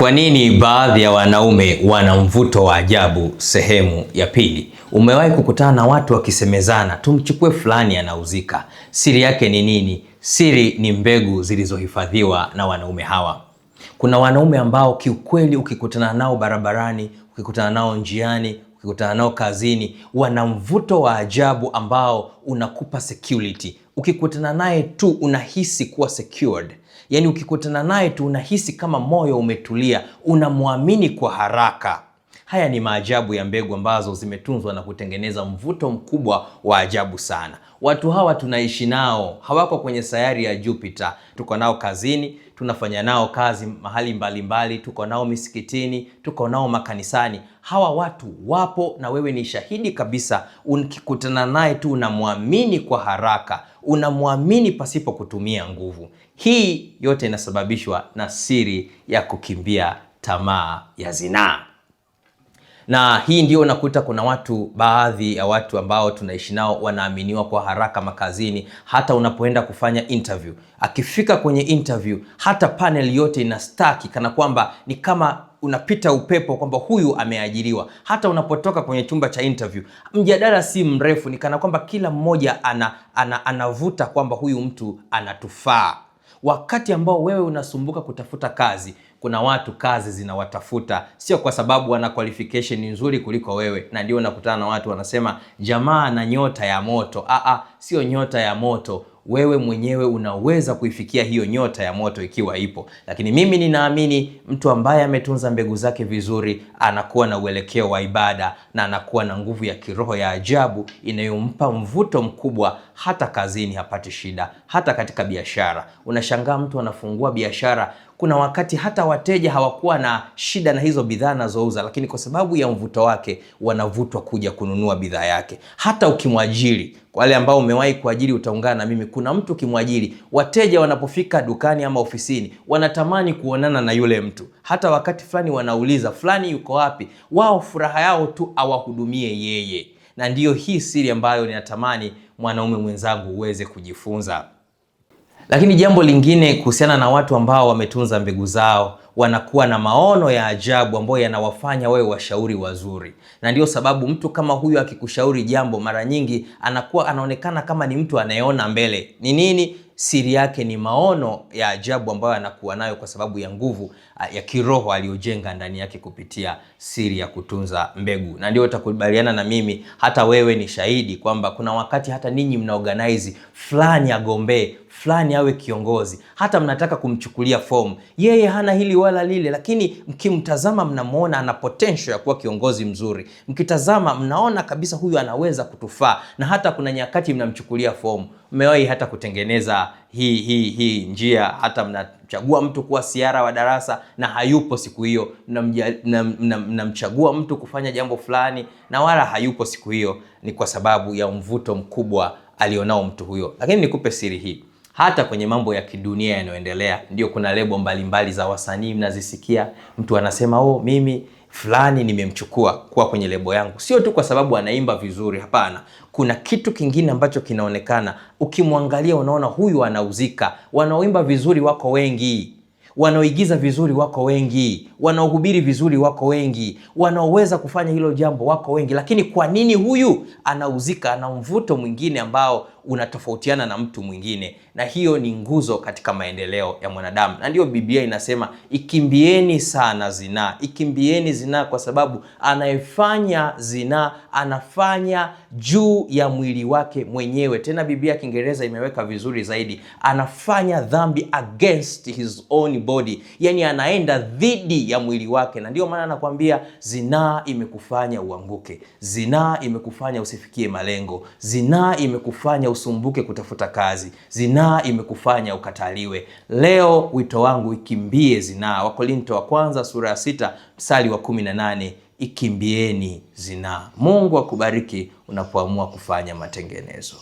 Kwa nini baadhi ya wanaume wana mvuto wa ajabu? Sehemu ya pili. Umewahi kukutana na watu wakisemezana, tumchukue fulani anauzika? siri yake ni nini? Siri ni mbegu zilizohifadhiwa na wanaume hawa. Kuna wanaume ambao kiukweli, ukikutana nao barabarani, ukikutana nao njiani, ukikutana nao kazini, wana mvuto wa ajabu ambao unakupa security ukikutana naye tu unahisi kuwa secured. Yaani ukikutana naye tu unahisi kama moyo umetulia, unamwamini kwa haraka. Haya ni maajabu ya mbegu ambazo zimetunzwa na kutengeneza mvuto mkubwa wa ajabu sana. Watu hawa tunaishi nao, hawako kwenye sayari ya Jupiter. Tuko nao kazini, tunafanya nao kazi mahali mbalimbali tuko nao misikitini, tuko nao makanisani. Hawa watu wapo na wewe ni shahidi kabisa. Ukikutana naye tu unamwamini kwa haraka, unamwamini pasipo kutumia nguvu. Hii yote inasababishwa na siri ya kukimbia tamaa ya zinaa na hii ndio unakuta kuna watu, baadhi ya watu ambao tunaishi nao wanaaminiwa kwa haraka makazini. Hata unapoenda kufanya interview, akifika kwenye interview, hata panel yote inastaki kana kwamba ni kama unapita upepo kwamba huyu ameajiriwa. Hata unapotoka kwenye chumba cha interview, mjadala si mrefu, ni kana kwamba kila mmoja ana, ana, anavuta kwamba huyu mtu anatufaa, wakati ambao wewe unasumbuka kutafuta kazi kuna watu kazi zinawatafuta, sio kwa sababu wana qualification nzuri kuliko wewe. Na ndio unakutana na watu wanasema jamaa na nyota ya moto. Aa, sio nyota ya moto wewe mwenyewe unaweza kuifikia hiyo nyota ya moto ikiwa ipo, lakini mimi ninaamini mtu ambaye ametunza mbegu zake vizuri anakuwa na uelekeo wa ibada na anakuwa na nguvu ya kiroho ya ajabu inayompa mvuto mkubwa. Hata kazini hapati shida, hata katika biashara. Unashangaa mtu anafungua biashara kuna wakati hata wateja hawakuwa na shida na hizo bidhaa anazouza, lakini kwa sababu ya mvuto wake wanavutwa kuja kununua bidhaa yake. Hata ukimwajiri, kwa wale ambao umewahi kuajiri, utaungana na mimi, kuna mtu ukimwajiri, wateja wanapofika dukani ama ofisini wanatamani kuonana na yule mtu, hata wakati fulani wanauliza fulani yuko wapi. Wao furaha yao tu awahudumie yeye, na ndiyo hii siri ambayo ninatamani mwanaume mwenzangu uweze kujifunza. Lakini jambo lingine kuhusiana na watu ambao wametunza mbegu zao, wanakuwa na maono ya ajabu ambayo yanawafanya wawe washauri wazuri, na ndio sababu mtu kama huyu akikushauri jambo, mara nyingi anakuwa anaonekana kama ni mtu anayeona mbele. Ni nini? siri yake ni maono ya ajabu ambayo anakuwa nayo kwa sababu ya nguvu ah, ya kiroho aliyojenga ndani yake kupitia siri ya kutunza mbegu. Na ndio utakubaliana na mimi, hata wewe ni shahidi kwamba kuna wakati hata ninyi organize fulani agombee, fulani awe kiongozi, hata mnataka kumchukulia fomu, yeye hana hili wala lile, lakini mkimtazama mnamwona ana potential ya kuwa kiongozi mzuri. Mkitazama mnaona kabisa huyu anaweza kutufaa, na hata kuna nyakati mnamchukulia fomu. Mmewahi hata kutengeneza hii hii hii njia, hata mnachagua mtu kuwa siara wa darasa na hayupo siku hiyo, mnamchagua mtu kufanya jambo fulani na wala hayupo siku hiyo, ni kwa sababu ya mvuto mkubwa alionao mtu huyo. Lakini nikupe siri hii, hata kwenye mambo ya kidunia yanayoendelea, ndio kuna lebo mbalimbali za wasanii mnazisikia, mtu anasema oh, mimi fulani nimemchukua kuwa kwenye lebo yangu, sio tu kwa sababu anaimba vizuri. Hapana, kuna kitu kingine ambacho kinaonekana. Ukimwangalia unaona huyu anauzika. Wanaoimba vizuri wako wengi, wanaoigiza vizuri wako wengi, wanaohubiri vizuri wako wengi, wanaoweza kufanya hilo jambo wako wengi, lakini kwa nini huyu anauzika? Ana mvuto mwingine ambao unatofautiana na mtu mwingine, na hiyo ni nguzo katika maendeleo ya mwanadamu. Na ndiyo Biblia inasema ikimbieni sana zinaa, ikimbieni zinaa, kwa sababu anayefanya zinaa anafanya juu ya mwili wake mwenyewe. Tena Biblia ya Kiingereza imeweka vizuri zaidi, anafanya dhambi against his own body, yani anaenda dhidi ya mwili wake. Na ndiyo maana anakuambia zinaa imekufanya uanguke, zinaa imekufanya usifikie malengo, zinaa imekufanya usumbuke kutafuta kazi, zinaa imekufanya ukataliwe. Leo wito wangu, ikimbie zinaa. Wakorinto wa kwanza sura ya sita mstari wa kumi na nane ikimbieni zinaa. Mungu akubariki unapoamua kufanya matengenezo.